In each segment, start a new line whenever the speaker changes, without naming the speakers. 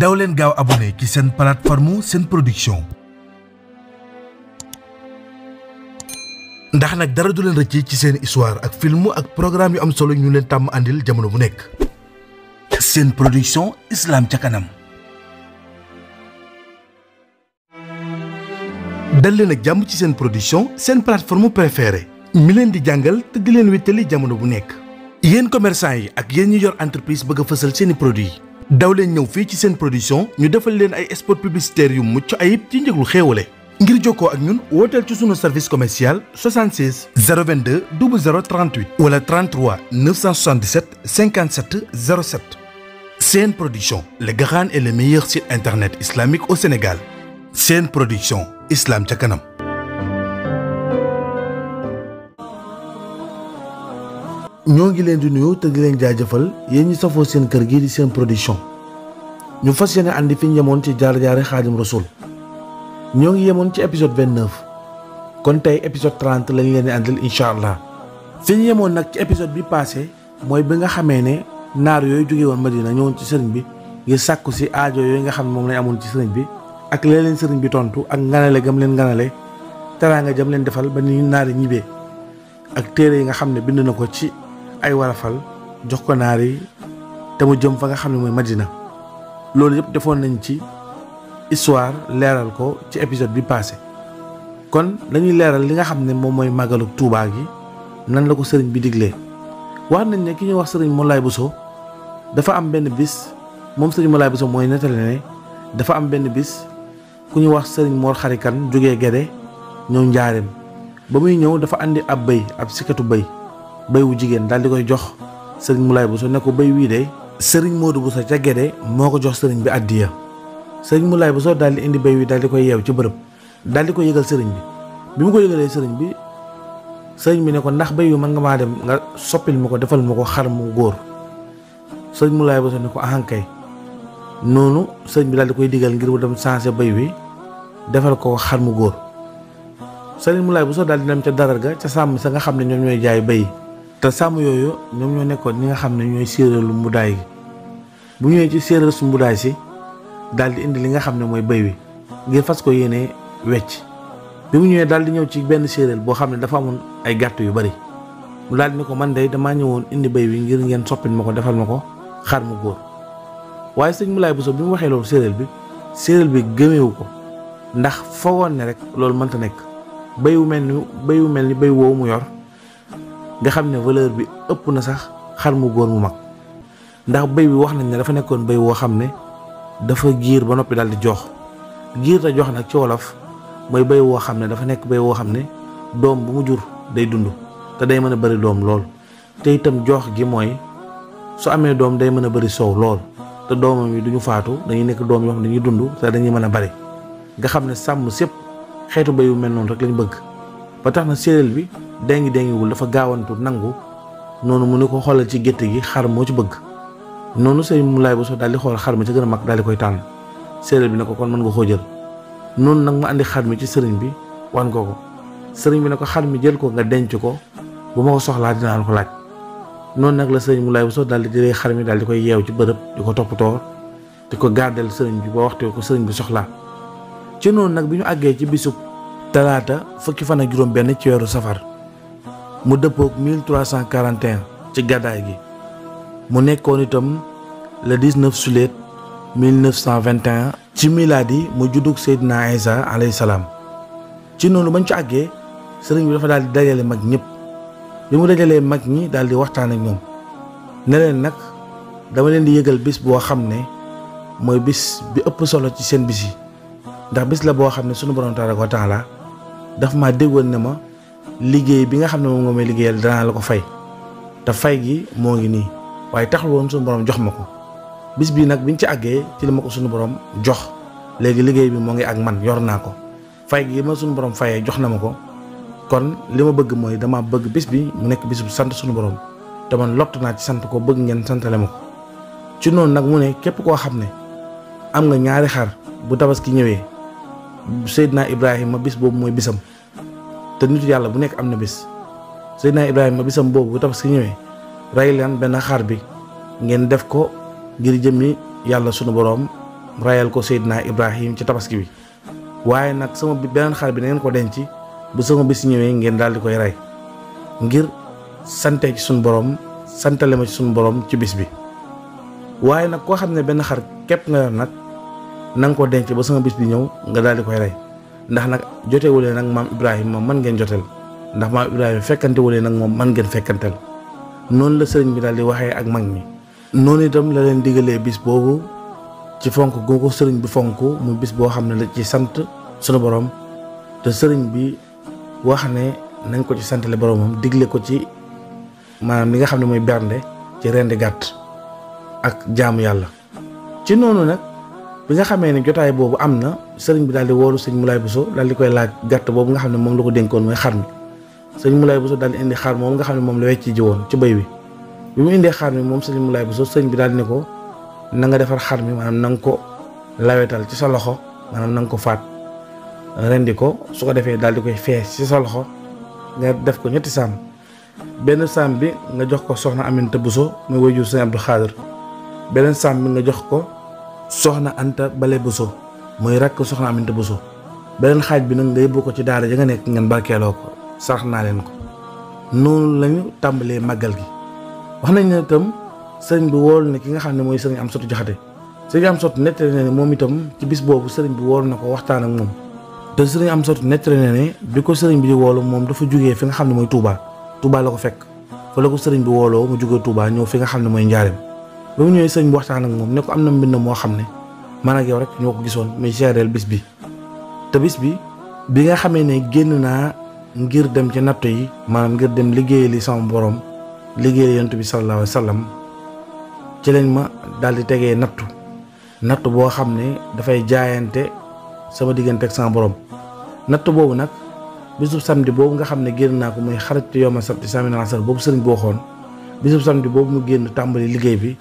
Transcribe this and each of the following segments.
daw gaw abone abonné ci seen plateforme seen production ndax nak dara du len recc ci sen histoire ak film ak programme yu am solo ñu len tam andil jamono bu nek sen production islam ci kanam dal len ak jamm ci sen production sen plateforme préférée mi len di jangal te di len wéttali jamono bu nek yéen commerçant yi ak yéen ñu yor entreprise bëgg fësal seeni produit daw leen ñëw fii ci seen production ñu defal leen ay spots publicitaires yu mucc ayib ci njëglu xéewale ngir jokkoo ak ñun wooteel ci sunu service commercial 76 022 0038 wala 33 977 57 07 seen production le grand et le meilleur site internet islamique au Sénégal seen production islam ca kanam ñoo ngi leen di nuyu te leen jaajëfal yéen ñi safoo seen kër gi di seen production ñu fas yéene àndi fi ñu yemoon ci jaar-jaari xaadim rasul ñoo ngi yemoon ci épisode 29 kon tey épisode 30 lañ leen di àndil incha allah fi yemoon nag ci épisode bi passé mooy bi nga xamee ne naar yooyu jóge woon Madina ñëwoon ci sëriñ bi ngir sàkku si aajo yooyu nga xam ne moom lañ amoon ci sëriñ bi ak leen leen sëriñ bi tontu ak nganale gëm leen nganale nga jam leen defal ba ni naar yi ñibbee ak téere yi nga xam ne bind na ko ci ay warafal jox ko naar yi te mu jëm fa nga xam ne mooy Madina loolu yëpp defoon nañ ci histoire leeral ko ci épisode bi passé kon dañuy leeral li nga xam ne moom mooy màggalu Tuubaa gi nan la ko sëriñ bi diglee wax nañ ne ki ñuy wax sëriñ bu Bousso dafa am benn bis moom sëriñ Moulay Bousso mooy nettali ne dafa am benn bis ku ñuy wax sëriñ Mor Xarikan jóge Gede ñëw njaareem ba muy ñëw dafa indi ab bëy ab sikatu bëy béy wu jigéen daal di koy jox sëriñ Moulay bu so ko bay wii de sëriñ Modou Bousso ca Gédé moo ko jox sëriñ bi addiya sëriñ Moulay Bousso daal di indi béy wi daal di koy yeew ci bërëb daal di ko yëgal sëriñ bi bi mu ko yëgalee sëriñ bi sëriñ bi ne ko ndax béy wi mën nga maa dem soppil ma ko defal ma ko xar mu góor sëriñ Moulay Bousso ne ko ah noonu sëriñ bi daal di koy digal ngir mu dem changé béy wi defal ko xar mu góor sëriñ Moulay Bousso daal di dem ca darar ga ca sàmm sa nga xam ne ñoom ñooy jaay bay te sàmm yooyu ñoom ñoo nekkoon ñi nga xam ne ñooy séeréelu mbudaay gi bu ñëwee ci séeréel su mbudaay si daal di indi li nga xam ne mooy béy wi ngir fas ko yéenee wecc bi mu ñëwee daal di ñëw ci benn séeréel boo xam ne dafa amoon ay gàtt yu bari mu daal di ne ko man de damaa ñëwoon indi béy wi ngir ngeen soppil ma ko defal ma ko xar mu góor waaye sëñ Moulay Bousso bi mu waxee loolu séeréel bi séeréel bi gëmeewu ko ndax foogoon ne rek loolu mënta nekk béy wu mel ni béy wu mel ni béy woowu mu yor nga xam ne valeur bi ëpp na sax xar mu góor mu mag ndax béy bi wax nañ ne dafa nekkoon béy woo xam ne dafa giir ba noppi daal di jox giir te jox nag ci wolof mooy béy woo xam ne dafa nekk béy woo xam ne doom bu mu jur day dund te day mën a bëri doom lool te itam jox gi mooy su amee doom day mën a bëri soow lool te doomam yi duñu faatu dañuy nekk doom yoo xam ne dañuy dund te dañuy mën a bari nga xam ne sàmm sépp xeetu béy yu mel noonu rek lañ bëgg dengi dengiwul dafa gaawantu nangu noonu mu ne ko xoolal ci gétt gi xar moo ci bëgg noonu sëñ Moulay Bousso daal di xool xar mi ci gën a mag daal koy tànn séeréer bi ne ko kon mën nga koo jël noonu nag mu andi xar mi ci sëriñ bi wan ko ko sëriñ bi ne ko xar mi jël ko nga denc ko bu ma ko soxlaa dinaa la ko laaj noonu nag la sëriñ bu Bousso daal di jëlee xar mi daal di koy yeew ci bërëb di ko toppatoo di ko gardel sëriñ bi ba waxtu ko sëriñ bi soxlaa ci noonu nag bi ñu àggee ci bisub talaata fukki fan ak juróom ci weeru safar mu dëppoog 1341 ci gàddaay gi mu nekkoon itam le 19 sulet 1921 ci di mu juddug Seydina Isa alayhi salaam ci noonu bañ ci àggee sëriñ bi dafa daal di dajale mag ñëpp bi mu dajalee mag ñi daal di waxtaan ak ñoom ne nag dama leen di yëgal bis boo xam ne mooy bis bi ëpp solo ci seen bis ndax bis la boo xam ne sunu borom tabaaraka wa taala daf maa déggoon ne ma liggéey bi nga xam ne moom nga may liggéeyal danaa la ko fay te fay gi moo ngi nii waaye taxul woon suñu borom jox ma ko bis bii nag bi biñ ci àggee ci li ma ko suñu borom jox léegi liggéey bi moo ngi ak man yor naa ko fay gi ma suñu borom fayee jox na ma ko kon li ma bëgg mooy dama bëgg bis bi mu nekk bis sant suñu borom te man lott naa ci sant ko bëgg ngeen santale ma ko ci noonu nag mu ne képp koo xam ne am nga ñaari xar bu tabaski ñëwee Seydina Ibrahima bis boobu mooy bisam te nitu yàlla bu nekk am na bis Seydina Ibrahima bisam boobu bu tabaski ñëwee rey leen benn xar bi ngeen def ko ngir jëmmi yàlla sunu boroom rayal ko Seydina Ibrahim ci tabaski bi waaye nag sama beneen xar bi na ngeen ko denc bu sama bis ñëwee ngeen daal di koy rey ngir sante ci sunu boroom santale ma ci sunu boroom ci bis bi waaye nag koo xam ne benn xar képp nga yor nag na nga ko denc ba sama bis bi ñëw nga daal di koy rey ndax nag jotewuleen nag maam Ibrahima moom man ngeen jotel ndax maam Ibrahima fekkantewuleen nag moom man ngeen fekkantel noonu la sëriñ bi daal di waxee ak mag ñi noonu itam la leen digalee bis boobu ci fonk googu sëriñ bi fonk mu bis boo xam ne la ci sant sunu borom te sëriñ bi wax ne nañ ko ci santale boromam digle ko ci maanaam li nga xam ne mooy bernde ci rendi gàtt ak jaamu yàlla ci noonu nag bi nga xamee ne jotaay boobu am na sëriñ bi daal di woolu sëñ Moulay Bousso daal di koy laaj gàtt boobu nga xam ne moom la ko dénkoon mooy xar mi sëñ Moulay Bousso daal di indi xar moom nga xam ne moom la wecc ji woon ci béy wi bi mu indee xar mi moom sëñ Moulay Bousso sëñ bi daal di ne ko na nga defar xar mi maanaam nanga ko lawetal ci sa loxo maanaam na nga ko faat rendi ko su ko defee daal di koy fees ci sa loxo nga def ko ñetti saam benn saam bi nga jox ko soxna Aminata Bousso muy wajur sëñ Abdou Khadir beneen saam bi nga jox ko soxna Anta Bale Bousso muy rakk soxna Aminta Bousso beneen xaaj bi nag nga yóbbu ko ci daara ja nga nekk ngeen barkeeloo ko sarax naa leen ko noonu lañu tàmbalee màggal gi wax nañ ne itam sëriñ bi wool ne ki nga xam ne mooy sëriñ Amsatu Jaxate sëriñ Amsatu nettali na ne moom itam ci bis boobu sëriñ bi wool na ko waxtaan ak moom te sëriñ Amsatu nettali na ne bi ko sëriñ bi di woolu moom dafa jógee fi nga xam ne mooy tuubaa Touba la ko fekk fa la ko sëriñ bi wooloo mu jógee Touba ñëw fi nga xam ne mooy Njaareem ba mu ñëwee sëñ bi waxtaan ak moom ne ko am na mbind moo xam ne man ak yow rek ñoo ko gisoon muy géréel bis bi te bis bi bi nga xamee ne génn naa ngir dem ci nattu yi maanaam ngir dem liggéeyali sama boroom liggéeyal yonent bi sallallahu alayhi ci lañ ma daal di tegee nattu nattu boo xam ne dafay jaayante sama diggante ak borom nattu boobu nag bisub samedi boobu nga xam ne génn naa ko muy xarit yoma sabti samina boobu sëriñ boo xoon bisub samedi boobu mu génn tàmbali liggéey bi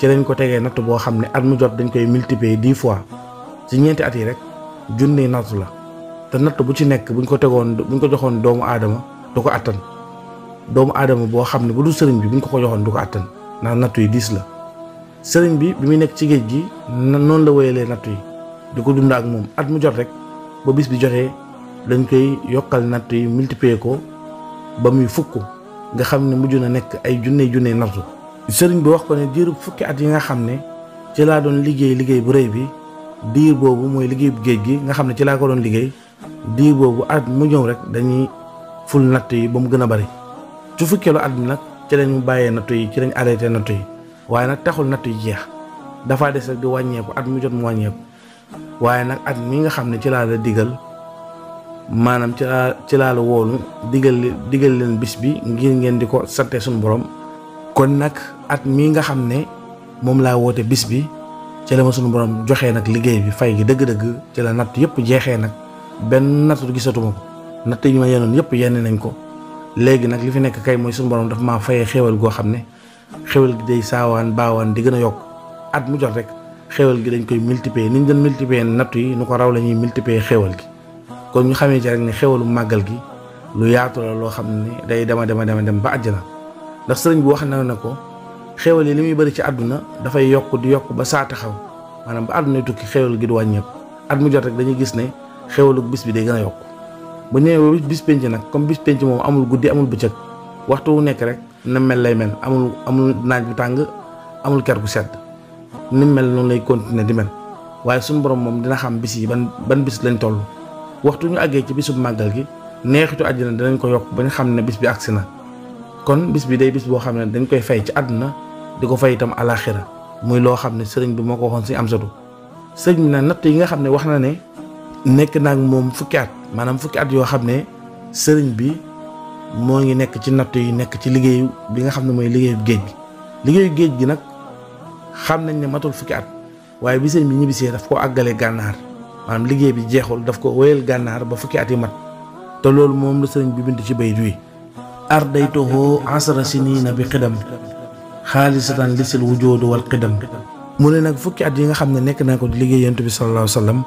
ci lañ ko tegee natt boo xam ne at mu jot dañ koy multiplier dix fois ci ñeenti at yi rek junni nattu la te natt bu ci nekk buñ ko tegoon buñ ko joxoon doomu aadama du ko attan doomu aadama boo xam ne bu du sëriñ bi buñ ko ko joxoon du ko attan ndax nattu yi diis la sëriñ bi bi mu nekk ci géej gi noonu la wéyalee nattu yi di ko dund ak moom at mu jot rek ba bis bi joxee dañ koy yokkal natt yi multiplier ko ba muy fukk nga xam ne mujj na nekk ay junne junne nattu sëriñ bi wax ko ne diirub fukki at yi nga xam ne ci laa doon liggéey liggéey bu rëy bi diir boobu mooy liggéey bu géej gi nga xam ne ci laa ko doon liggéey diir boobu at mu ñëw rek dañuy ful natt yi ba mu gën a bari su fukkeelu at bi nag ci lañu bàyyee natt yi ci lañ arrêté natt yi waaye nag taxul nattu yi jeex dafaa des rek di wàññeeku at mu jot mu wàññeeku waaye nag at mi nga xam ne ci laa la digal maanaam ci laa ci laa la woolu digal leen bis bi ngir ngeen di ko sante suñu borom kon nag at mii nga xam ne moom laa woote bis bi ci la ma sunu borom joxee nag liggéey bi fay gi dëgg-dëgg ci la natt yëpp jeexee nag benn nattu gisatuma ko natt yi ma yenoon yëpp yenn nañ ko léegi nag li fi nekk kay mooy sunu borom dafa maa fayee xéwal goo xam ne xéwal gi day saawaan baawaan di gën a yokk at mu jot rek xéwal gi dañ koy multiplier ni ñu doon multiplier natt yi nu ko raw la ñuy multiplier xéwal gi kon ñu xamee ci rek ne xewalu màggal gi lu yaatu la loo xam ne day dema dema dema dem ba àjjana ndax serigne bi wax na nako xewal li muy bëri ci da fay yok di yok ba saa taxaw manam ba aduna tukki xewal gi du wàññeeku at mu jot rek dañuy gis ne xéewalu bis bi day gëna yok bu bis penc nak comme bis penc mom amul guddi amul bëcëk waxtu wu nek rek na mel lay mel amul amul naaj bu tang amul kër bu sedd ni mel non lay continuer di mel waye suñu borom mom dina xam bis yi ban ban bis lañ tollu waxtu ñu aggé ci bisub magal gi neexitu àjjana dinañ ko yok bañ ñu xam ne bis bi aksina kon bis bi day bis boo xam ne dañ koy fay ci àdduna di ko fay itam alaxira muy loo xam ne sëriñ bi moo ko waxoon si am satu sëriñ bi natt yi nga xam ne wax na ne nekk naag moom fukki at maanaam fukki at yoo xam ne sëriñ bi moo ngi nekk ci natt yi nekk ci liggéeyu bi nga xam ne mooy liggéeyu géej gi liggéeyu géej gi nag xam nañ ne matul fukki at waaye bi sëriñ bi ñibbisee daf koo àggale gànnaar maanaam liggéey bi jeexul daf ko wéyal gànnaar ba fukki at yi mat te loolu moom la sëriñ bi bind ci bayit wi ardaytuhu asra sinina bi xidam xaalisatan lisil wujudu wal xidam mu ne nag fukki at yi nga xam ne nekk naa ko di liggéey bi sallallahu alayhi wa sallam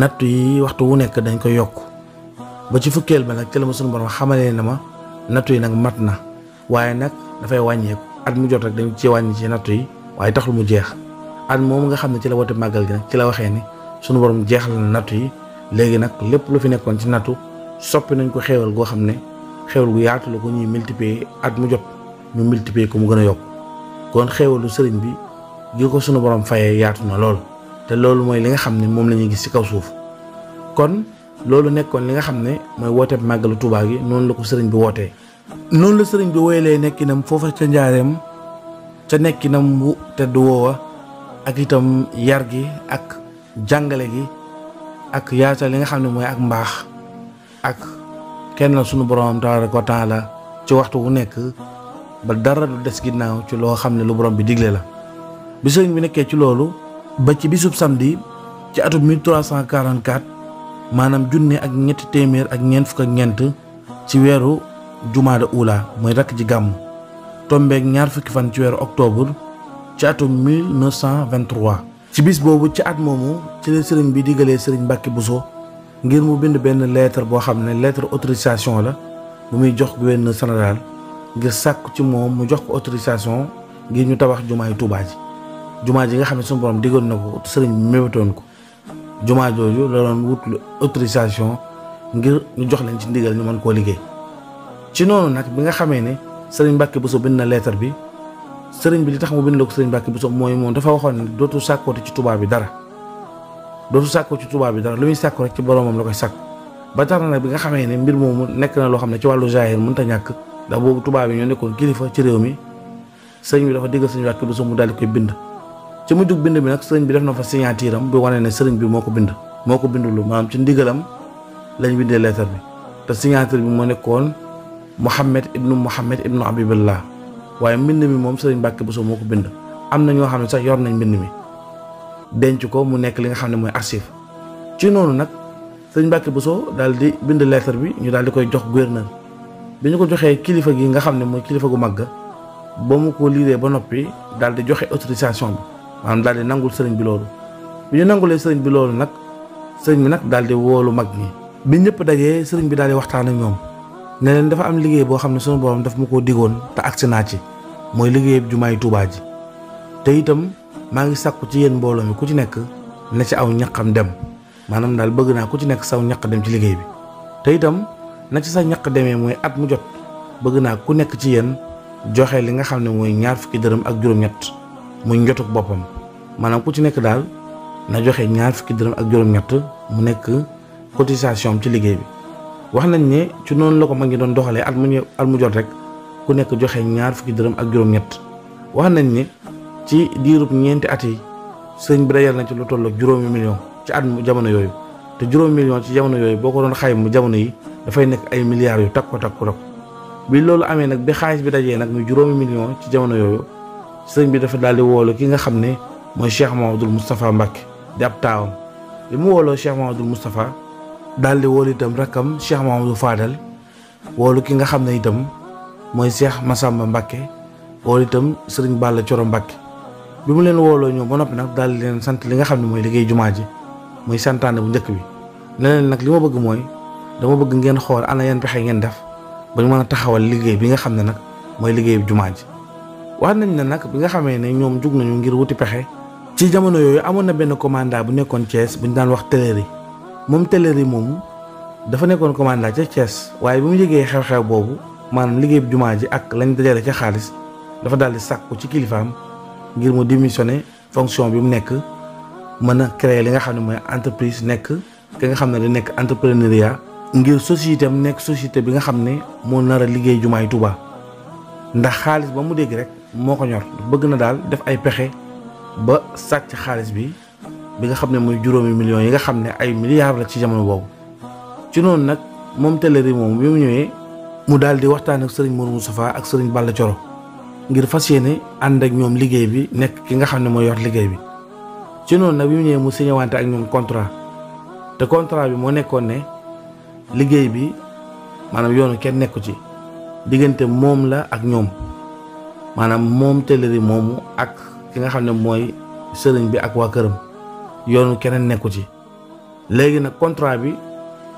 nattu yi waxtu wu nekk dañ ko yokk ba ci fukkeel ba nag ci la ma sunu borom xamalee na ma nattu yi nag mat na waaye nag dafay wàññeeku at mu jot rek dañ ci wàññi ci nattu yi waaye tax lu mu jeex at moom nga xam ne ci la wote màggal gi nag ci la waxee ni sunu borom jeexal na nattu yi léegi nag lépp lu fi nekkoon ci nattu soppi nañ ko xéewal goo xam ne xéwal gu yaatu la ko ñuy multiplier at mu jot mu multiplier ko mu gën a yokk kon xéwalu sëriñ bi gi ko sunu borom fayee yaatu na lool te loolu mooy li nga xam ne moom la ñuy gis ci kaw suuf kon loolu nekkoon li nga xam ne mooy wooteeb màggalu Tuubaa gi noonu la ko sëriñ bi wootee noonu la sëriñ bi woyalee nam foofu ca njaareem ca nekkinam wu tedd woowa ak itam yar gi ak jàngale gi ak yaatal li nga xam ne mooy ak mbaax ak kenn la sunu borom tabaraka taala ci waxtu wu nek ba dara du dess ginnaaw ci lo xamne lu borom bi diglé la bi sëriñ bi nekké ci lolu ba ci bisub samedi ci atu 1344 manam junne ak ñetti témèr ak ñen fuk ak ñent ci weeru jumaada ula mooy rakk ji tombé ak ñaar fuk fan ci wéru octobre ci atu 1923 ci bis bobu ci at momu ci le sëriñ bi digalee sëriñ mbacké Buso ngir mu bind benn lettre boo xam ne lettre autorisation la bu muy jox wenn général ngir sàkk ci moom mu jox ko autorisation ngir ñu tabax jumaay Tuubaa ji jumaa ji nga xam ne suñu borom diggoon na ko sëriñ bi ko jumaa jooju la doon wut autorisation ngir ñu jox lañ ci ndigal ñu mën koo liggéey ci noonu nag bi nga xamee ne sëriñ Mbàkke Bousso bind na lettre bi sëriñ bi li tax mu bind la ko sëriñ Mbàkke Bousso mooy moom dafa waxoon ne dootu sàkkooti ci Tuubaa bi dara dootu sàkku ci tubaab bi dara lu muy sàkku rek ci boromam la koy sàkku ba tax na nag bi nga xamee ne mbir moom nekk na loo xam ne ci wàllu jaayir mënut a ñàkk ndax boobu tubaab yi ñoo nekkoon kilifa ci réew mi sëñ bi dafa diggal sëñ Wàdd Buso mu daal di koy bind ci mujjug bind bi nag sëriñ bi def na fa signature am bi wane ne sëriñ bi moo ko bind moo ko bindulu maanaam ci ndigalam lañ bindee lettre bi te signature bi moo nekkoon Mouhamed ibnu Mouhamed ibnu Abiballah waaye mbind mi moom sëriñ Mbàkke Buso moo ko bind am na ñoo xam ne sax yor nañ mbind mi denc ko mu nekk li nga xam ne mooy archive ci noonu nag sëñ Mbàkke Bousso daal di bind lettre bi ñu daal di koy jox gouverneur bi ñu ko joxee kilifa gi nga xam ne mooy kilifa gu mag ba mu ko liiree ba noppi daal di joxe autorisation bi maanaam daal di nangul sëriñ bi loolu bi ñu nangulee sëriñ bi loolu nag sëriñ bi nag daal di woolu mag ñi bi ñëpp dajee sëriñ bi daal di waxtaan ak ñoom ne leen dafa am liggéey boo xam ne sunu borom daf mu ko digoon te agsi naa ci mooy liggéey jumaay Tuubaa ji maa ngi sàkku ci yéen mbooloo mi ku ci nekk na ci aw ñaqam dem maanaam daal bëgg naa ku ci nekk saw ñaq dem ci liggéey bi te itam na ci sa ñaq demee mooy at mu jot bëgg naa ku nekk ci yenn joxe li nga xam ne mooy ñaar fukki dërëm ak juróom-ñett muy boppam maanaam ku ci nekk daal na joxe ñaar fukki dërëm ak juróom mu nekk cotisation ci liggéey bi wax nañ ne ci noonu la ko mag ñi doon doxalee at mu at mu jot rek ku nekk joxe ñaar fukki dërëm ak juróom-ñett wax nañ ne ci diirub ñeenti at yi sëñ bi dajal na ci lu toll ak juróomi million ci at jamono yooyu te juróomi million ci jamono yooyu boo ko doon xayma jamono yi dafay nekk ay milliards yu ko takku takku bi loolu amee nag bi xaalis bi dajee nag muy juróomi million ci jamono yooyu sëñ bi dafa daal di woolu ki nga xam ne mooy Cheikh Mahamadul Moustapha Mbacke di ab mu wooloo Cheikh Mahamadul Moustapha daal di woolu itam rakkam Cheikh Mahamadou Fadal woolu ki nga xam ne itam mooy Cheikh Massamba Mbacke woolu itam sëriñ Balla Coro Mbacke bi mu leen wooloo ñëw ba noppi nag daal di leen sant li nga xam ne mooy liggéey jumaa ji muy santaane bu njëkk bi leneen nag li ma bëgg mooy dama bëgg ngeen xool ana yan pexe ngeen def ba ñu mën a taxawal liggéey bi nga xam ne nag mooy liggéey jumaa ji wax nañ ne nag bi nga xamee ne ñoom jug nañu ngir wuti pexe ci jamono yooyu amoon na benn commandant bu nekkoon Thiès bu ñu daan wax Teleri moom Teleri moomu dafa nekkoon commandant ca cees waaye bi mu yëgee xew-xew boobu maanaam liggéey jumaa ji ak lañ dajale ca xaalis dafa daal di sàkku ci kilifaam ngir mu démissionner fonction bi mu nekk mën a créer li nga xam ne mooy entreprise nekk ki nga xam ne da nekk entrepreneuriat ngir société am nekk société bi nga xam ne moo nar a liggéey jumaay Tuuba ndax xaalis ba mu dégg rek moo ko ñor bëgg na daal def ay pexe ba sàcc xaalis bi bi nga xam ne mooy juróomi million yi nga xam ne ay milliards la ci jamono boobu ci noonu nag moom Teleri moom bi mu ñëwee mu daal di waxtaan ak sëriñ Mourou Moustapha ak sëriñ Balla Coro ngir fas yéene ànd ak ñoom liggéey bi nekk ki nga xam ne mooy yor liggéey bi ci noonu nag bi mu ñëwee mu signé ak ñoom contrat te contrat bi moo nekkoon ne liggéey bi maanaam yoonu kenn nekku ci diggante moom la ak ñoom maanaam moom tëlëri moomu ak ki nga xam ne mooy sëriñ bi ak waa këram yoonu keneen nekku ci léegi nag contrat bi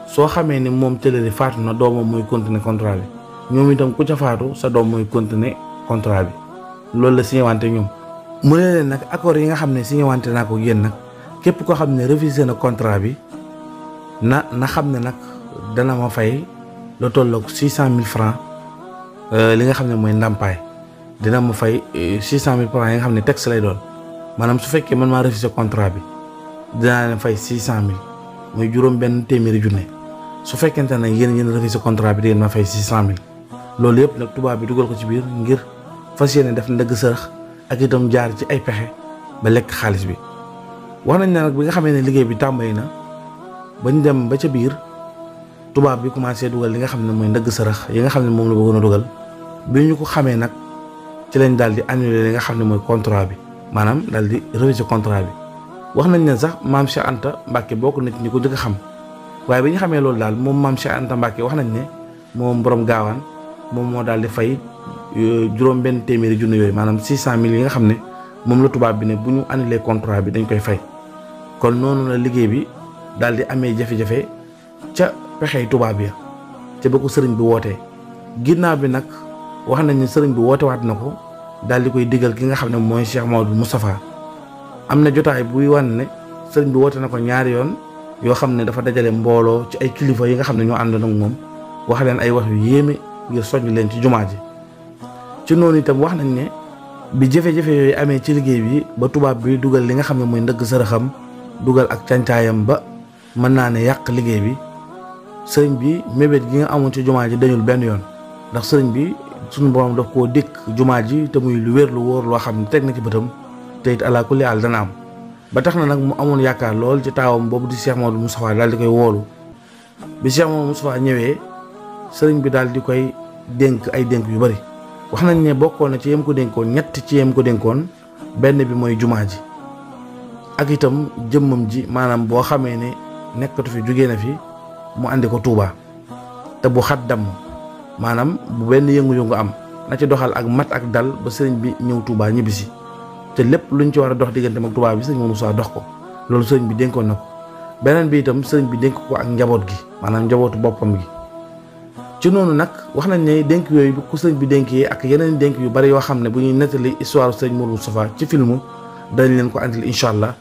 soo xamee ni moom tëlëri faatu na doomam mooy continuer contral bi ñoom itam ku ca faatu sa doom mooy continuer contrat bi loolu la signé wante ñoom mu ne leen nag accord yi nga xam ne signé wante naa ko yéen nag képp koo xam ne refusé na contrat bi na na xam ne nag dana ma fay lu tolloog six cent mille francs euh, li nga xam ne mooy ndàmpaay dina ma fay euh, six cent mille francs yi nga xam ne texte lay doon maanaam su fekkee man maa refusé contrat bi dinaa leen fay six cent mille muy juróom benn téeméeri junne su fekkente ne yéen yéen refusé contrat bi di ngeen ma fay si cent mille loolu yëpp nag tubaab bi dugal ko ci biir ngir fas yéene def ndëgg sërëx ak itam jaar ci ay pexe ba lekk xaalis bi wax nañ ne nag bi nga xamee ne liggéey bi tàmbali na bañ dem ba ca biir tubaab bi commencé dugal li nga xam ne mooy ndëgg sërëx yi nga xam ne moom la bëggoon a dugal bi ñu ko xamee nag ci lañ daal di annulé li nga xam ne mooy contrat bi maanaam daal di réviser contrat bi wax nañ ne sax maam Cheikh Anta Mbacke bokk na ci ñi ko njëkk xam waaye bi ñu xamee loolu daal moom maam Cheikh Anta Mbacke wax nañ ne moom borom gaawaan moom moo daal di fay juróom benn téeméeri junne yooyu maanaam six cent mille yi nga xam ne moom la tubaab bi ne bu ñu annulé contrat bi dañ koy fay kon noonu la liggéey bi daal di amee jafe-jafe ca pexey tubaab ya ca ba sëriñ bi wootee ginnaaw bi nag wax nañ ne sëriñ bi woote waat na ko daal di koy digal ki nga xam ne mooy Cheikh Maodo Moustapha am na jotaay buy wan ne sëriñ bi woote na ko ñaari yoon yoo xam ne dafa dajale mbooloo ci ay kilifa yi nga xam ne ñoo àndoon ak moom wax leen ay wax yu yéeme ngir soññ leen ci jumaa ji ci noonu itam wax nañ ne bi jafe-jafe yooyu amee ci liggéey bi ba tubaab bi dugal li nga xam ne mooy ndëgg sërëxam dugal ak càncaayam ba mën naa ne yàq liggéey bi sëriñ bi mébét gi nga amoon ci jumaa ji dañul benn yoon ndax sëriñ bi suñu borom daf koo dékk jumaa ji te muy lu wér lu wóor loo xam ne teg na ci bëtam te it alaa dana am ba tax na nag mu amoon yaakaar lool ci taawam boobu di Cheikh Mamadou Moustapha daal di koy woolu bi Cheikh Mamadou Moustapha ñëwee sëriñ bi daal di koy dénk ay dénk yu bari wax nañ ne bokkoon na ci yem ko dénkoon ñett ci yem ko dénkoon benn bi mooy jumaa ji ak itam jëmmam ji maanaam boo xamee ne nekkatu fi jugee na fi mu andi ko Touba te bu xat damm maanaam bu benn yëngu-yëngu am na ci doxal ak mat ak dal ba sëriñ bi ñëw Touba ñibbisi te lépp luñ ci war a dox diggante mag Touba bi sëriñ Moussa dox ko loolu sëriñ bi dénkoon na ko beneen bi itam sëriñ bi dénk ko ak njaboot gi maanaam njabootu boppam gi. ci noonu nag wax nañ ne dénk yooyu bu ku sëñ bi dénkee ak yeneen dénk yu bari yoo xam ne bu ñuy nettali histoire sëñ Mourou Moustapha ci filmu dañ leen ko andil incha allah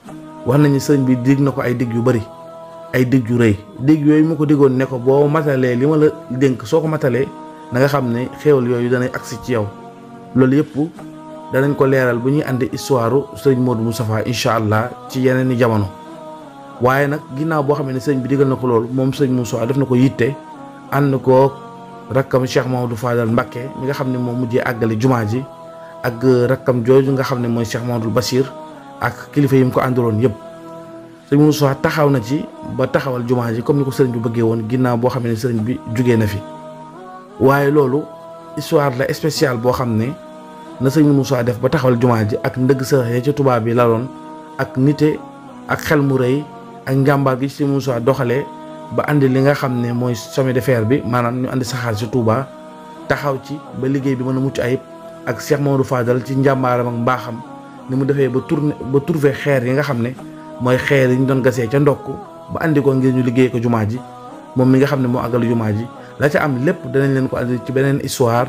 wax nañ ne sëñ bi dig na ko ay dig yu bari ay dig yu rëy dig yooyu mu ko digoon ne ko boo matalee li ma la dénk soo ko matalee na xam ne xéewal yooyu danay agsi ci yow loolu yëpp danañ ko leeral bu ñuy àndi histoire sëñ Mourou Moustapha incha allah ci yeneen i jamono waaye nag ginnaaw boo xam ne sëñ bi digal na ko loolu moom sëñ Moustapha def na ko yitte ànd ko rakkam Cheikh Mamadou Fadal Mbacké mi nga xam ne moo mujjee àggale jumaa ji ak euh, rakkam jooju nga xam ne mooy Cheikh Mamadou Bassir ak kilifa yi mu ko àndaloon yëpp sëñ Moussa taxaw na ci ba taxawal jumaa ji comme ni ko sëriñ bi bëggee woon ginnaaw boo xam ne sëriñ bi jugee na fi waaye loolu histoire la spéciale boo xam ne na sëñ Moussa def ba taxawal jumaa ji ak ndëgg sërëx ya ci tubaab yi laloon ak nite ak xel mu rëy ak njàmbaar gi ci sëñ Moussa doxalee ba andi li nga xam ne mooy chemin de bi maanaam ñu andi saxaar si Touba taxaw ci ba liggéey bi mën a mucc ayib ak Cheikh Mamadou Fadal ci njàmbaaram ak mbaaxam ni mu defee ba tourné ba trouvé xeer yi nga xam ne mooy xeer yi doon gasee ca ndokk ba andi ko ngir ñu liggéey ko jumaa ji moom mi nga xam ne moo àggal jumaa ji la ca am lépp danañ leen ko andi ci beneen histoire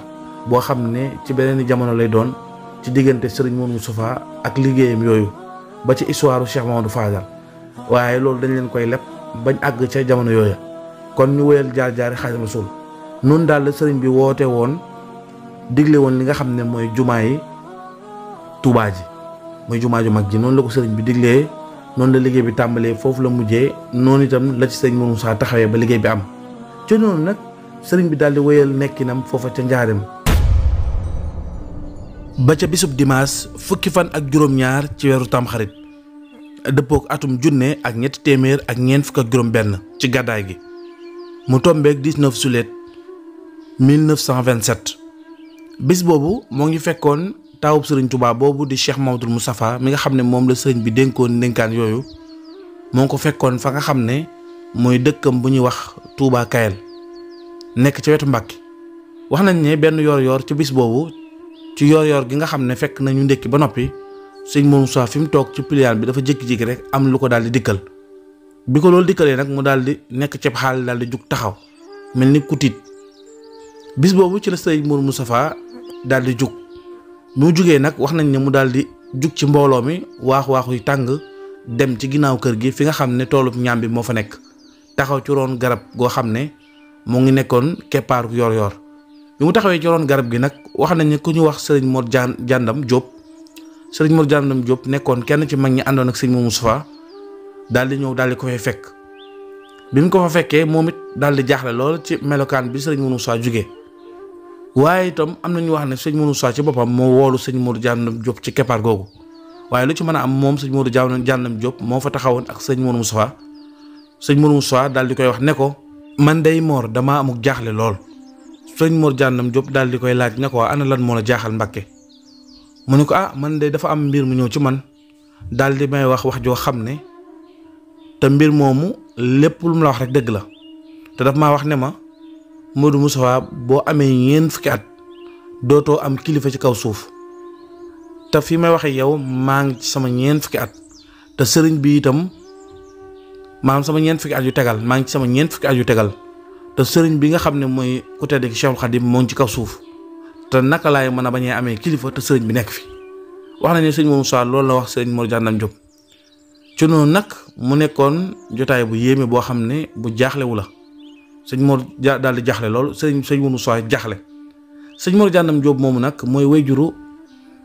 boo xam ne ci beneen jamono lay doon ci diggante sëriñ moom mu Moustapha ak liggéeyam yooyu ba ci histoire Cheikh Mamadou Fadal waaye loolu dañ leen koy lepp bañ àgg ca jamono yooya kon ñu wéyal jaar-jaari Xaadimu Rasuul nun daal la sëriñ bi woote woon digle woon li nga xam ne mooy jumaa yi Tuubaa ji mooy jumaa ju mag ji noonu la ko sëriñ bi diglee noonu la liggéey bi tàmbalee foofu la mujjee noonu itam la ci sëriñ Mourou Moussa taxawee ba liggéey bi am ci noonu sëriñ bi daal di wéyal nekkinam foofa ca njaareem ba ca bisub dimaas fukki fan ak juróom-ñaar ci weeru tamxarit dëppook atum junne ak ñetti téeméer ak ñeent fukk ak juróom benn ci gàddaay gi mu tombeek 19 sulet 1927 bis boobu moo ngi fekkoon taawub sëriñ tubaab boobu di Cheikh Mamadou Moustapha mi nga xam ne moom la sëriñ bi dénkoon ndénkaan yooyu moo ko fekkoon fa nga xam ne mooy dëkkam bu ñuy wax Touba Kayel nekk ci wetu Mbàkke wax nañ ne benn yor-yor ci bis boobu ci yor yoor gi nga xam ne fekk nañu ndékki ba noppi. sëñ Moussa fi mu toog ci piliyaan bi dafa jékki-jékki rek am lu ko daal di dikkal bi ko loolu dikkalee nag mu daal di nekk ceeb xaal daal di jug taxaw mel ni ku tiit bis boobu ci la sëñ Mour Moustapha daal di jug mu jugee nag wax nañ ne mu daal di jug ci mbooloo mi waax waaxu yi tàng dem ci ginnaaw kër gi fi nga xam ne toolub ñam bi moo fa nekk taxaw ci roon garab goo xam ne mu ngi nekkoon keppaaru yor-yor bi mu taxawee ci roon garab gi nag wax nañ ne ku ñu wax sëriñ Mor jaan jàndam Diop sëriñ Mor Jaanam jóob nekkoon kenn ci mag ñi àndoon ak sëriñ Mor Moustapha dal di ñëw daal di ko fay fekk bi mu ko fa fekkee moom it daal di jaaxle lool ci melokaan bi sëriñ Mor Moustapha jugee waaye itam am nañu wax ne sëriñ Mor Moustapha ci boppam moo woolu sëriñ Mor Jaanam Diop ci keppaar googu waaye lu ci a am moom sëriñ Mor Jaanam Diop moo fa taxawoon ak sëriñ Mor Moustapha sëriñ Mor Moustapha daal di koy wax ne ko man day Mor damaa amuk jaaxle lool sëriñ Mor Jaanam Diop daal di koy laaj ne ko ana lan moo la jaaxal Mbàkke mu ne ko ah man de dafa am mbir mu ñëw ci man daal di may wax wax joo xam ne te mbir moomu lépp lu mu la wax rek dëgg la te daf ma wax ne ma Modou Moustapha boo amee ñeent fukki at dootoo am kilifa ci kaw suuf te fii may waxee yow maa ngi ci sama ñeent fukki at te sëriñ bi itam maanaam sama ñeent fukki at yu tegal maa ngi ci sama ñeent fukki at yu tegal te sëriñ bi nga xam ne mooy ku tedd ki Cheikhul Khadim moo ngi ci kaw suuf te naka laay mën a bañee amee kilifa te sëriñ bi nekk fi wax nañu ne sëñ Moom Saal loolu la wax sëriñ Mor Jàndam Jóob ci noonu nag mu nekkoon jotaay bu yéeme boo xam ne bu jaaxlewu la sëñ Mor ja daal di jaaxle loolu sëñ sëñ Moom Saal jaaxle sëñ Mor Jàndam Jóob moomu nag mooy wayjuru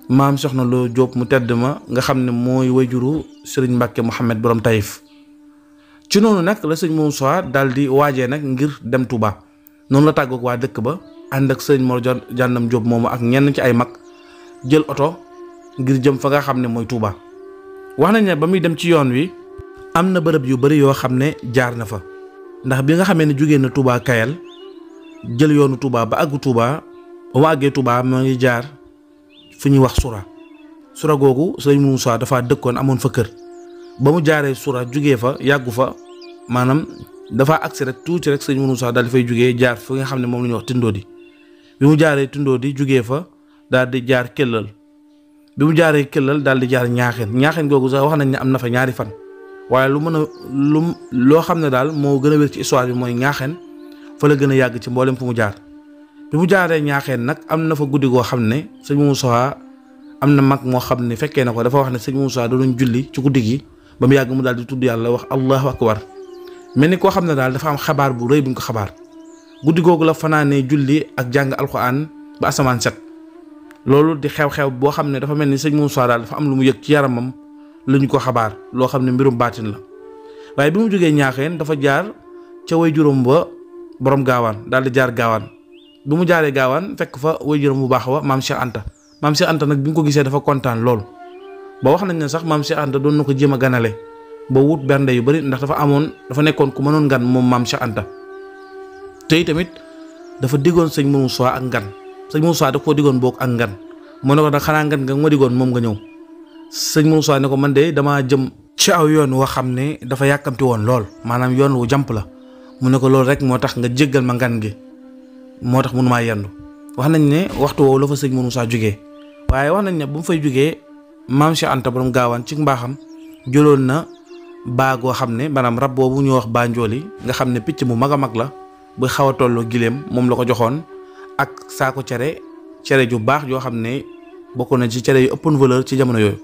maam soxna Lo Jóob mu tedd ma nga xam ne mooy wayjuru sëriñ Mbàkke Mouhamed borom Taïf ci noonu nag la sëñ Moom Saal daal di waajee nag ngir dem Touba noonu la tàggoog waa dëkk ba. ànd ak sëñ Mor jàndam jóob moomu ak ñenn ci ay mag jël oto ngir jëm fa nga xam ne mooy Touba wax nañ ne ba muy dem ci yoon wi am na bërëb yu bari yoo xam ne jaar na fa ndax bi nga xamee ne jógee na Touba Kayal jël yoonu Touba ba àggu Touba ba mu àggee Touba moo ngi jaar fu ñuy wax sura sura googu sëñ Moussa dafa dëkkoon amoon fa kër ba mu jaaree sura jógee fa yàggu fa maanaam dafa agsi rek tuuti rek sëñ Moussa daal di fay jógee jaar fi nga xam ne moom la ñuy wax Tindodi bi mu jaaree tundoo di jógee fa daal di jaar këllal bi mu jaaree këllal daal di jaar ñaaxeen ñaaxeen googu sax wax nañ ne am na fa ñaari fan waaye lu mën a lu loo xam ne daal moo gën a wér ci histoire bi mooy ñaaxeen fa la gën a yàgg ci mboolem ku mu jaar bi mu jaaree ñaaxeen nag am na fa guddi goo xam ne sëñ Moussa am na mag moo xam ne fekkee na ko dafa wax ne sëñ Moussa da doon julli ci guddi gi ba mu yàgg mu daal di tudd yàlla wax allahu akbar mel ni koo xam ne daal dafa am xabaar bu rëy bu ñu ko xabaar guddi gogu la fanane julli ak jang alquran ba asaman set lolou di xew-xew bo xamne dafa melni seigne Moussa dal dafa am lu mu yek ci yaramam lu ko xabar lo xamne mbirum batin la waye bimu joge ñaaxen dafa jaar ci way jurum ba borom gawan dal di jaar gawan bimu mu gawan fekk fa way jurum bu bax wa mam Cheikh Anta mam Cheikh Anta nak bimu ko gisee dafa contane lool ba wax nañ ne sax mam Cheikh Anta doon nako ko le. ganale ba wut bernde yu bari ndax dafa amone dafa nekkoon ku gan mom mam Cheikh Anta tey tamit dafa seigne sëñ Moussa ak ngan sëñ Moussa da ko digon bok ak ngan mu ne ko nag xanaa ngan nga ma digon mom nga seigne sëñ Moussa ne ko man de dama jëm ci aw yoon wo xamne dafa yakamti won lol manam yoon wu jamp la mu ne ko lol rek motax nga jéggal ma ngan gi motax mënuma mënumaa yendu wax nañ ne waxtu wo la fa sëñ Moussa juggé waye wax nañ ne bu mu fay juggé mam Cheikh Anta borom gawan ci mbaxam jëlon na ba go xamne manam rab bobu ñu wax baa nga xamne mu maga mag la ba xaw a tolloo gileem moom la ko joxoon ak saako cere cere ju baax joo xam ne bokkoon na ci cere yu ëppoon valeur ci jamono yooyu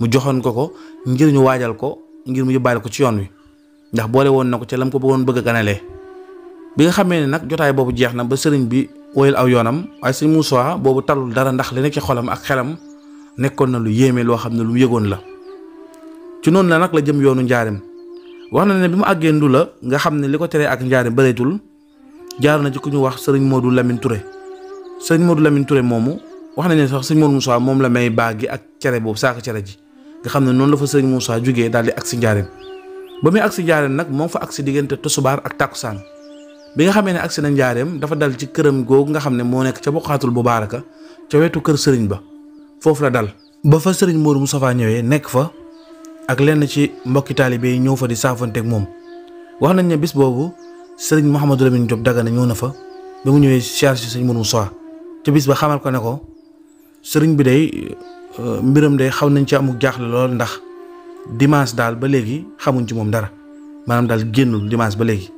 mu joxoon ko ko ngir ñu waajal ko ngir mu yóbbaale ko ci yoon wi ndax boole woon na ko ca lam ko bëggoon bëgg a bi nga xamee ne nag jotaay boobu jeex na ba sëriñ bi woyal aw yoonam waaye sëriñ Moussa boobu talul dara ndax li nekk xolam ak xelam nekkoon na lu yéeme loo xam ne lu yëgoon la ci noonu la nag la jëm yoonu njaarim wax la nga xam ne li ko teree ak njaarim bareetul jaar na ci ku ñu wax sëriñ Modou Lamine Touré sëriñ Modou Lamine Touré moomu wax nañ ne sax sëriñ Modou Moussa moom la may baag gi ak cere boobu saako cere ji xam ne noonu la fa sëriñ Moussa jugee daal di agsi njaareem ba muy agsi njaareem nag moo ngi fa agsi diggante tosubaar ak tàkkusaan bi nga xamee ne agsi na njaareem dafa dal ci këram googu nga xam ne moo nekk ca boqaatul bu baaraka ca wetu kër sëriñ ba foofu la dal. ba fa sëriñ Modou Moustapha ñëwee nekk fa ak lenn ci mbokki taalibe ñëw fa di saafanteeg moom wax nañ ne bis boobu sëriñ Mouhamadou Lamine Diop Dagana ñëw na fa ba mu ñëwee chargé sëñ Mourou Moussa te bis ba xamal ko ne ko sëriñ bi day euh, mbiram day xaw nañ ci amuk jaaxle lool ndax dimanche daal ba léegi xamuñ ci moom dara maanaam daal génnul dimanche ba léegi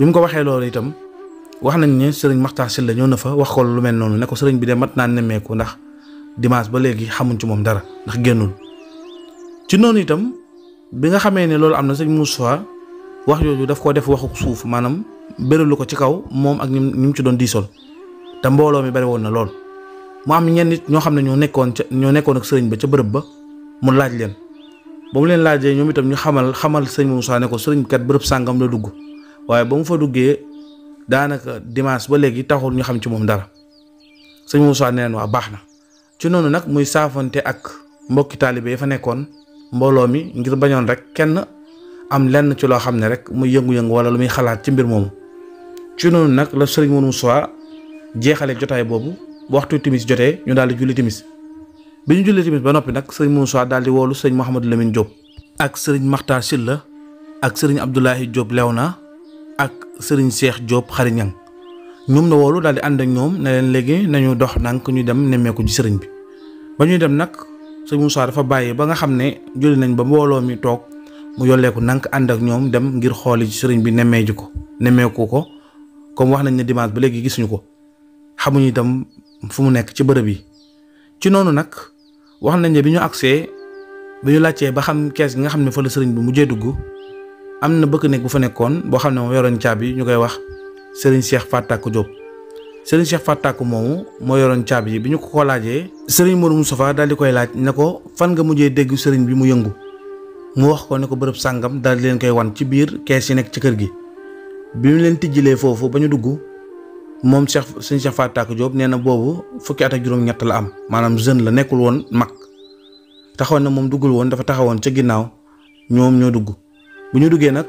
bi mu ko waxee loolu itam wax nañ ne sëriñ Makhtar Sylla ñëw na fa wax ko lu mel noonu ne ko sëriñ bi de mat naa nemmeeku ndax dimanche ba léegi xamuñ ci moom dara ndax génnul ci noonu itam bi nga xamee ne loolu am na sëñ Moussa wax jooju daf koo def waxu suuf maanaam bëralu ko ci kaw moom ak ñi mu ci doon diisoon te mbooloo mi bari woon na lool mu am ñenn nit ñoo xam ne ñoo nekkoon ca ñoo nekkoon ak sëriñ ba ca bërëb ba mu laaj leen ba mu leen laajee ñoom itam ñu xamal xamal sëriñ Moussa ne ko sëriñ kat bërëb sàngam la dugg waaye ba mu fa duggee daanaka dimaas ba léegi taxul ñu xam ci moom dara sëriñ Moussa nee na waa baax na ci noonu nag muy saafante ak mbokki taalibe fa nekkoon mbooloo mi ngir bañoon rek kenn am lenn ci lo xamne rek mu yëngu-yëngu wala lu muy xalaat ci mbir mom ci non nak la serigne Manoune soa jeexalee jotay bobu waxtu timis joté ñu dal di julli timis biñu julli timis ba nopi nak serigne Manoune soa dal di wolu serigne Mouhamadou Lamine job ak serigne Makhtar silla ak serigne abdullahi job lewna ak serigne Cheikh job xariñang ñum na wolu dal di and ak ñom na len léegi nañu dox nank ñu dem nemmeeku ci serigne bi bañu dem nak serigne Manoune soa dafa bayyi ba nga xamne julli nañ ba mbolo mi tok mu yolleeku nank ànd ak ñoom dem ngir xooli sëriñ bi nemmee ji ko nemmeeku ko comme wax nañ ne dimanche ba léegi gisuñu ko xamuñu itam fu mu nekk ci bërëb yi ci noonu nag wax nañ ne bi ñu agsee bi ñu laajtee ba xam kees bi nga xam ne fa la sëriñ bi mujjee dugg am na bëkk nekk bu fa nekkoon boo xam ne moo yoroon caabi ñu koy wax sëriñ Cheikh Fatak Diop sëriñ Cheikh Fatak moomu moo yoroon caabi yi bi ñu ko ko laajee sëriñ Modou Moustapha daal di koy laaj ne ko fan nga mujjee dégg sëriñ bi mu yëngu. mu wax ko ne ko bërëb sàngam daal di leen koy wan ci biir kees yi nekk ci kër gi bi mu leen tijjilee foofu ba ñu dugg moom Cheikh sëñ Cheikh Fatou Tacko Diop nee na boobu fukki at ak juróom-ñett la am maanaam jeune la nekkul woon mag taxawoon na moom duggul woon dafa taxawoon ca ginnaaw ñoom ñoo dugg bu ñu duggee nag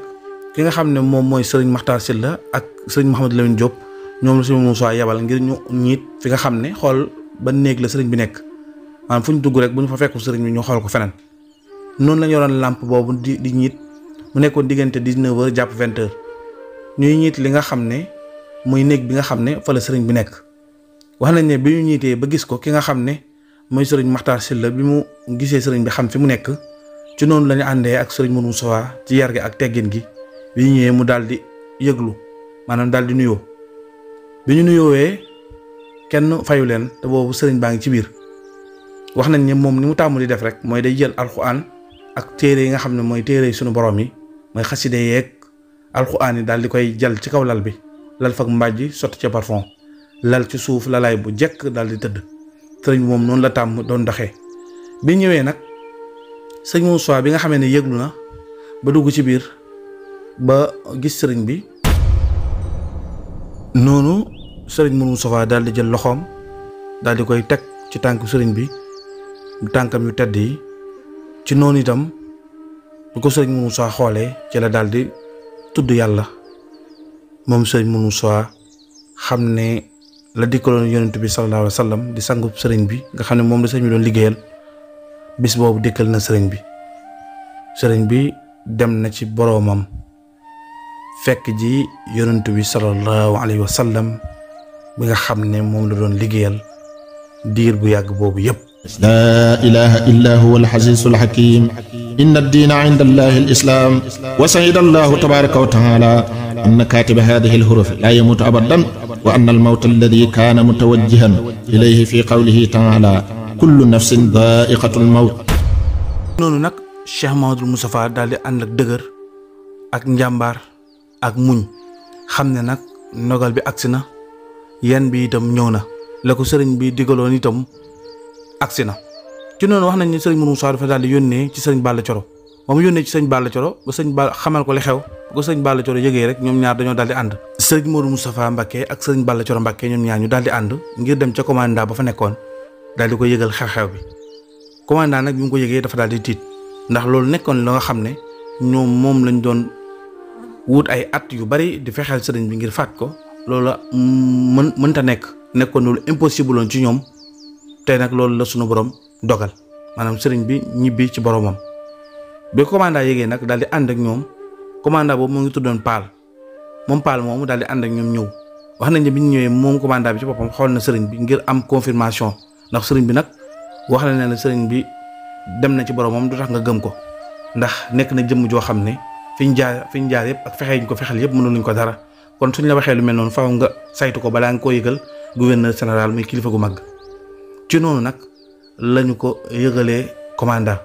ki nga xam ne moom mooy sëriñ Makhtar la ak sëriñ Mouhamadou Lamine Diop ñoom la sëriñ Moussa yebal ngir ñu ñiit fi nga xam ne xool ba néeg la sëriñ bi nekk maanaam fu ñu dugg rek bu fa fekku sëriñ bi ñu xool ko feneen non lañu ron lamp bobu di di ñiit mu nekkon digënté 19h japp 20h ñuy ñiit li nga xamné muy néeg bi nga xamné fa la sëriñ bi nekk wax nañ né bi ñu ñiitee ba gis ko ki nga xamné muy sëriñ Maxtaar Silla bi mu gisé sëriñ bi xam fi mu nekk ci non lañu andé ak sëriñ Mourou Sowa ci yar gi ak téggin gi bi ñu mu daldi yëglu manam daldi nuyo bi ñu nuyowé kenn fayu leen te sëriñ baangi ci bir wax nañ ne mom ni mu di def rek moy day jël alxuraan ak téré yi nga xamné moy téré suñu borom yi moy xaside yek alxuraan dal lalbi di koy jël ci kaw lal bi lal fak mbàjj sot ci parfum lal ci suuf lalaay bu jek dal di teud sëriñ mom non la tam doon doxé bi ñëwee nag sëñ Moussa bi nga xamee ne na ba dugg ci biir ba gis sëriñ bi nonu sëriñ Mourou Moussa dal di jël loxom dal di koy tek ci tank bi tankam yu teddi ci non itam bu ko mounou sa xolé ci la daldi di tudd yàlla moom sëriñ Moussa xam ne la dikkaloon yonent bi sallallahu alaihi wasallam di sangu serigne bi nga xam mom la serigne bi doon liggéeyal bis bobu dikkal na serigne bi serigne bi dem na ci boromam fekk ji yonent bi sallallahu alaihi wasallam bi nga xam mom la doon liggéeyal dir bu yag bobu yépp لا إله إلا هو الحزيز الحكيم إن الدين عند الله الإسلام وسيد الله تبارك وتعالى أن كاتب هذه الحروف لا يموت أبدا وأن الموت الذي كان متوجها إليه في قوله تعالى كل نفس ذائقة الموت noonu nag Cheikh Mahamadul Moustapha daal di ànd ak اك ak njàmbaar ak muñ xam ne nag ndogal bi agsi na yan bi itam ñëw na la agsi na ti noonu wax nañ ni sëriñ Mourou Moussa dafa daal di yónnee ci sëriñ Balla Coro moom yónnee ci sëriñ Balla Coro ba sëriñ Balla xamal ko li xew ba sëriñ Balla Coro yëgee rek ñoom ñaar dañoo daal di ànd sëriñ mu Moustapha Mbacke ak sëriñ Balla Coro Mbacke ñoom ñaar ñu daal di ànd ngir dem ca commandant ba fa nekkoon daal di ko yëgal xew-xew bi commandant nag bi mu ko yëgee dafa daal di tiit ndax loolu nekkoon la nga xam ne ñoom moom lañ doon wut ay at yu bari di fexeel sëriñ bi ngir faat ko loola mën mënta nekk nekkoon loolu impossible ci ñoom tey nag loolu la sunu borom dogal maanaam sëriñ bi ñibbi ci boromam bi commanda yéegee nag daal di ànd ak ñoom commanda boobu mu ngi tuddoon paal moom paal moomu daal di ànd ak ñoom ñëw wax nañ ne bi ñu ñëwee moom commanda bi ci boppam xool na sëriñ bi ngir am confirmation ndax sëriñ bi nag wax na ne sëriñ bi dem na ci boromam du tax nga gëm ko ndax nekk na jëmm joo xam ne fi ñu jaar fi ñu jaar yëpp ak fexe ko fexeel yëpp mënuluñ ko dara kon suñ la waxee lu mel noonu faaw nga saytu ko balaa nga koo yëgal gouverneur général muy kilifa gu mag. ci noonu nag lañu ko yëgalee commanda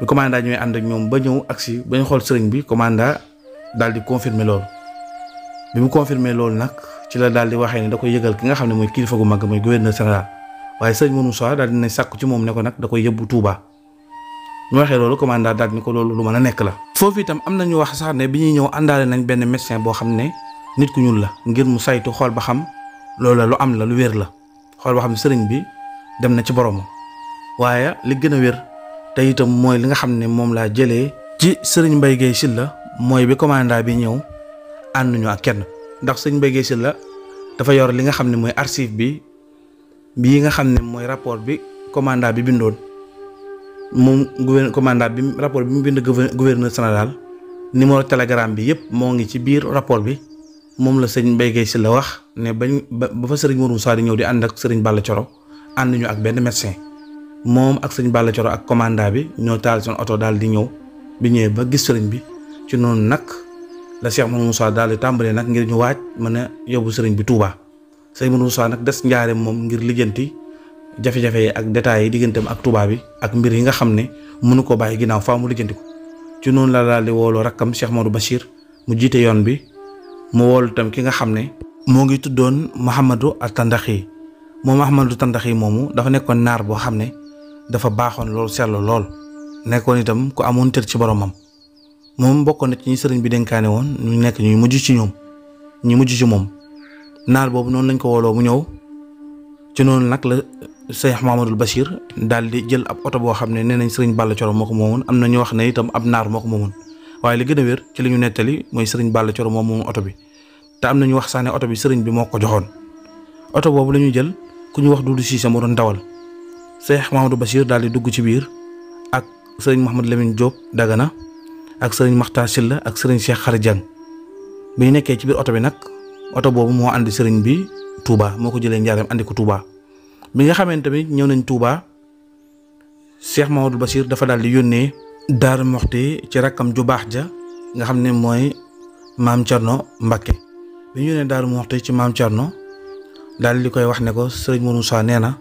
bi commanda ñooy ànd ak ñoom ba ñëw agsi ba ñu xool sëriñ bi commanda daal di confirmer loolu bi mu confirmer loolu nag ci la daal di waxee ne da koy yëgal ki nga xam ne mooy kilifa gu mag mooy gouverneur général waaye sëriñ Manoune Sow daal dina sàkku ci moom ne ko nag da koy yëbbu Touba ñu waxee loolu commanda daal ni ko loolu lu mën a nekk la. foofu itam am na ñu wax sax ne bi ñuy ñëw àndaale nañ benn médecin boo xam ne nit ku ñuul la ngir mu saytu xool ba xam loolu la lu am la lu wér la. xool ba xam ne sëriñ bi dem na ci boroomam waaye li gën a wér te itam mooy li nga xam ne moom laa jëlee ci sëriñ Mbaye Guèye Sylla mooy bi commandant bi ñëw ànduñu ak kenn ndax sëriñ Mbaye Guèye Sylla dafa yor li nga xam ne mooy archive bi bii nga xam ne mooy rapport bi commandant bi bindoon moom gouverneur commandant bi rapport bi mu bind gouverneur général numéro télégramme bi yëpp moo ngi ci biir rapport bi mom la serigne Mbaye gay la wax ne bañ ba fa serigne Mourou Moussa ñew di and ak serigne Balla Coro and ñu ak benn médecin mom ak serigne Balla Coro ak commandant bi ñoo taal seen auto dal di ñew bi ñew ba gis serigne bi ci non nak la Cheikh Mourou Moussa dal di tàmbalee nak ngir ñu waaj mëna a serigne bi Touba serigne Mourou Moussa nak dess njaare mom ngir lijeenti jafe-jafe ak détails yi ak Touba bi ak mbir yi nga xam mënu ko bàyyi ginaaw faamu lijeenti ci non la dal di wolo rakam Cheikh mourou Bachir mu jité yoon bi mu wolu itam ki nga xam ne moo ngi tuddoon Mouhamadou Tandaxi moom Mouhamadou Tandaxi moomu dafa nekkoon naar boo xam ne dafa baaxoon loolu seetlu lool nekkoon itam ku amoon cër ci boromam moom bokkoon na ci ñi sëriñ bi dénkaane woon ñu nekk ñuy mujj ci ñoom ñu mujj ci moom naar boobu noonu lañ ko wooloo mu ñëw ci noonu nag la Cheikh Mahamadul Bachir daal di jël ab oto boo xam ne nee nañ sëriñ Balla Coro moo ko moomoon am na ñu wax ne itam ab naar moo ko moomoon waaye li gën a wér ci li ñu nettali mooy sëriñ Balla Coro moom moomu oto bi te am nañu wax sax oto bi sëriñ bi moo ko joxoon oto boobu la ñu jël ku ñu wax Dudu Siise moo doon dawal Seex Mahamadou Bachir daal di dugg ci biir ak sëriñ Mouhamed Lamine Diop Dagana ak sëriñ Makhtar Silla ak sëriñ Cheikh Khary Dieng bi nekkee ci biir oto bi nag oto boobu moo andi sëriñ bi tuubaa moo ko jëlee njaareem andi ko Touba bi nga xamante ni ñëw nañ Touba Cheikh Mahamadou basiir dafa daal di yónnee Daaru yi ci rakkam ju baax ja nga xam ne mooy maam Thierno Mbakke bi ñu ne Daaru Muxti ci maam Thierno daal di koy wax ne ko sëriñ Moussa nee na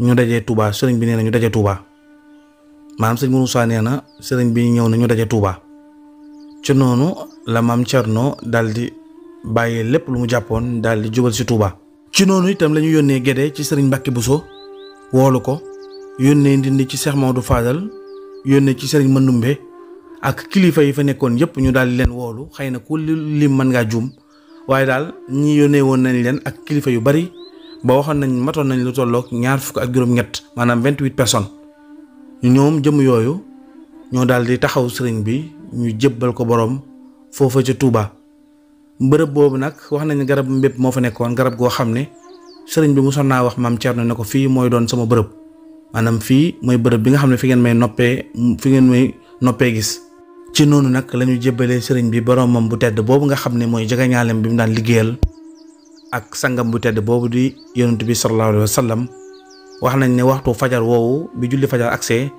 ñu dajee Touba sëriñ bi nee na ñu dajee Touba na sëriñ bi ñëw na ñu dajee Touba ci noonu la maam Thierno daal di bàyyi lépp lu mu jàppoon daal di jubal si Touba. ci noonu itam la yónnee Gédé ci sëriñ bu so woolu ko yónnee ndindi ci Cheikh Maodo Fadal. yónnee ci sëriñ Mandumbe ak kilifa yi fa nekkoon yëpp ñu daal di leen woolu xëy na ku lim mën ngaa juum waaye daal ñi yónnee woon nañ leen ak kilifa yu bari ba waxoon nañ matoon nañ lu tollook ñaar fukk ak juróom-ñett maanaam vingt-huit personnes ñoom jëm yooyu ñoo daal di taxaw sëriñ bi ñu jébbal ko boroom foofa ca Touba. bërëb boobu nag wax nañ garab mbépp moo fa nekkoon garab goo xam ne sëriñ bi mosoon naa wax maam ceer Thierno ne ko fii mooy doon sama bërëb. maanaam fii mooy bërëb bi nga xam ne fi ngeen may noppee fi ngeen may noppee gis ci noonu nag la ñu jébbalee sëriñ bi boroomam bu tedd boobu nga xam ne mooy jegeñaaleem bi mu daan liggéeyal ak sangam bu tedd boobu di yonent bi sallallahu alayhi wax nañ ne waxtu fajar woowu bi julli fajar agsee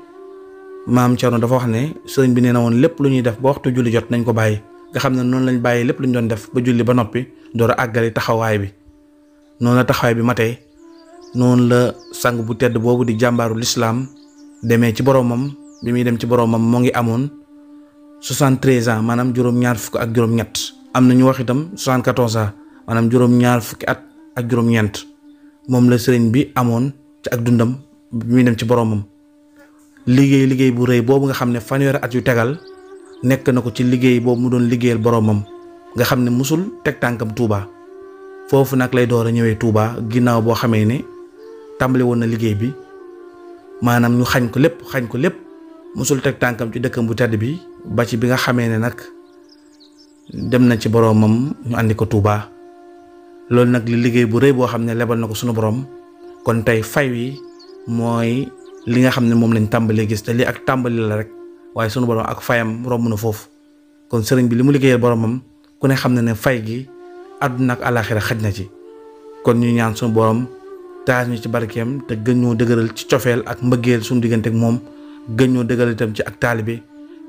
maam Thierno dafa wax ne sëriñ bi nee na woon lépp lu ñuy def ba waxtu julli jot nañ ko bàyyi nga xam ne noonu lañ bàyyi lépp lu ñu doon def ba julli ba noppi door a taxawaay bi noonu la noonu la sang bu tedd boobu di jàmbaaru lislaam demee ci boroomam bi muy dem ci boroomam mu ngi amoon 73 ans maanaam juróom ak juróom am na ñu wax itam 74 ans maanaam juróom-ñaar fukki at ak juróom-ñeent moom la sëriñ bi amoon ci ak dundam bi muy dem ci boroomam liggéey liggéey bu rëy boobu nga xam ne fanweeri at yu tegal nekk na ko ci liggéey boobu mu doon liggéeyal boroomam nga xam ne mosul teg tànkam tuuba foofu nag lay door a ñëwee Touba ginnaaw boo xamee ne. tàmbali wona na liggéey bi manam ñu xagn ko lepp xagn ko lepp musul tek tankam ci dekkum bu tedd bi ba ci bi nga xamé né nak dem na ci boromam ñu andi ko Touba lool nag li liggéey bu rëy bo xamné lebal nako suñu borom kon tay fay wi moy li nga xamné mom lañ gis té li ak tàmbali la rek waye suñu borom ak fayam romb na fofu kon sëriñ bi limu liggéeyal boromam ku ne xamné né fay gi aduna ak alakhirah xajna ci kon ñu ñaan suñu borom. taas ñu ci barkeem te gën ñoo dëgëral ci cofeel ak mbëggeel suñu diggante moom gën ñoo dëgëral itam ci ak taalibe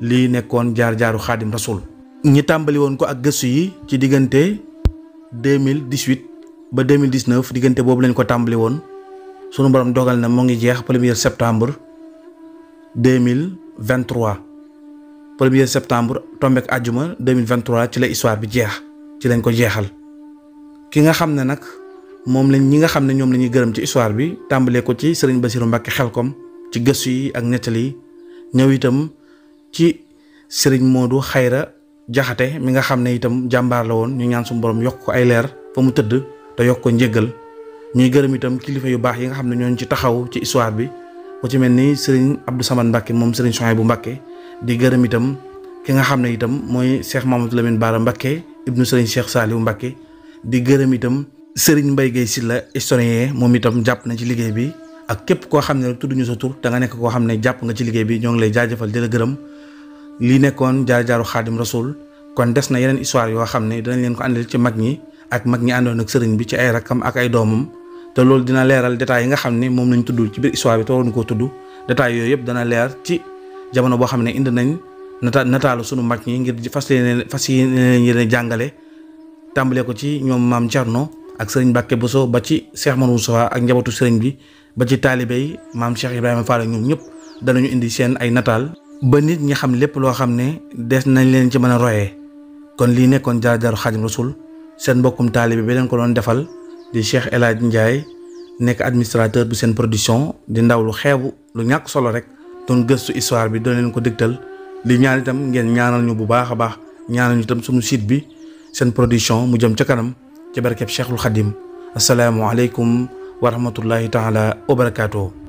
lii nekkoon jaar-jaaru xaadim rasul ñi tàmbali woon ko ak gëstu yi ci diggante mille 2018 ba 2019 diggante boobu lañ ko tàmbali woon sunu borom dogal na mu ngi jeex premier septembre mille 2023 premier septembre tombé ak àjjuma 2023 ci la histoire bi jeex ci lañ ko jeexal ki moom lañ ñi nga xam ne ñoom la ñuy gërëm ci histoire bi tàmbalee ko ci sëriñ Basiru Mbàkke xelkom ci gëstu yi ak nettali ñëw itam ci sëriñ du Xayra Jaxate mi nga xam ne itam jàmbaar la woon ñu ñaan su borom yokk ko ay leer fa mu tëdd te yokk ko njëggal ñuy gërëm itam kilifa yu baax yi nga xam ne ñooñu ci taxaw ci histoire bi ku ci mel ni sëriñ Abdou Samane Mbàkke moom sëriñ Souhaïbou Mbàkke di gërëm ki nga xam ne itam mooy Cheikh Mamadou Lamine Bara Mbàkke ibnu sëriñ Cheikh Saliou Mbàkke di gërëm itam Serigne Mbaye Guèye Sylla historien moom itam jàpp na ci liggéey bi ak képp koo xam ne rek tudduñu sa tur da nga nekk koo xam ne jàpp nga ci liggéey bi ñoo ngi lay jaajëfal di la gërëm lii nekkoon jaar-jaaru xaadim rasul kon des na yeneen histoire yoo xam ne danañ leen ko àndal ci mag ñi ak mag ñi àndoon ak sëriñ bi ci ay rakkam ak ay doomam te loolu dina leeral détails yi nga xam ne moom lañ tudd ci biir histoire bi te waroon koo tudd détails yooyu yëpp dana leer ci jamono boo xam ne indi nañ nata nataalu sunu mag ñi ngir fas yéene fas yéene jàngale tàmbale ko ci ñoom maam Thierno ak sëriñ Mbàkke Bousso ba ci Cheikh Manoune Sowa ak njabootu sëriñ bi ba ci taalibe yi maam Cheikh Ibrahima Fall ñoom ñëpp danañu indi seen ay nataal ba nit ñi xam lépp loo xam ne des nañ leen ci mën a royee kon lii nekkoon jaar-jaaru Xaadim Rasul seen mbokkum taalibe bi leen ko doon defal di Cheikh El Hadj nekk administrateur bi seen production di ndaw lu xeebu lu ñàkk solo rek doon gëstu histoire bi doon leen ko dégtal li ñaan itam ngeen ñaanal ñu bu baax a baax ñaanal itam suñu site bi seen production mu jëm ca kanam ci barkeb Cheikhul Khadim assalamu alaykum wa rahmatullahi taala wa barakatuh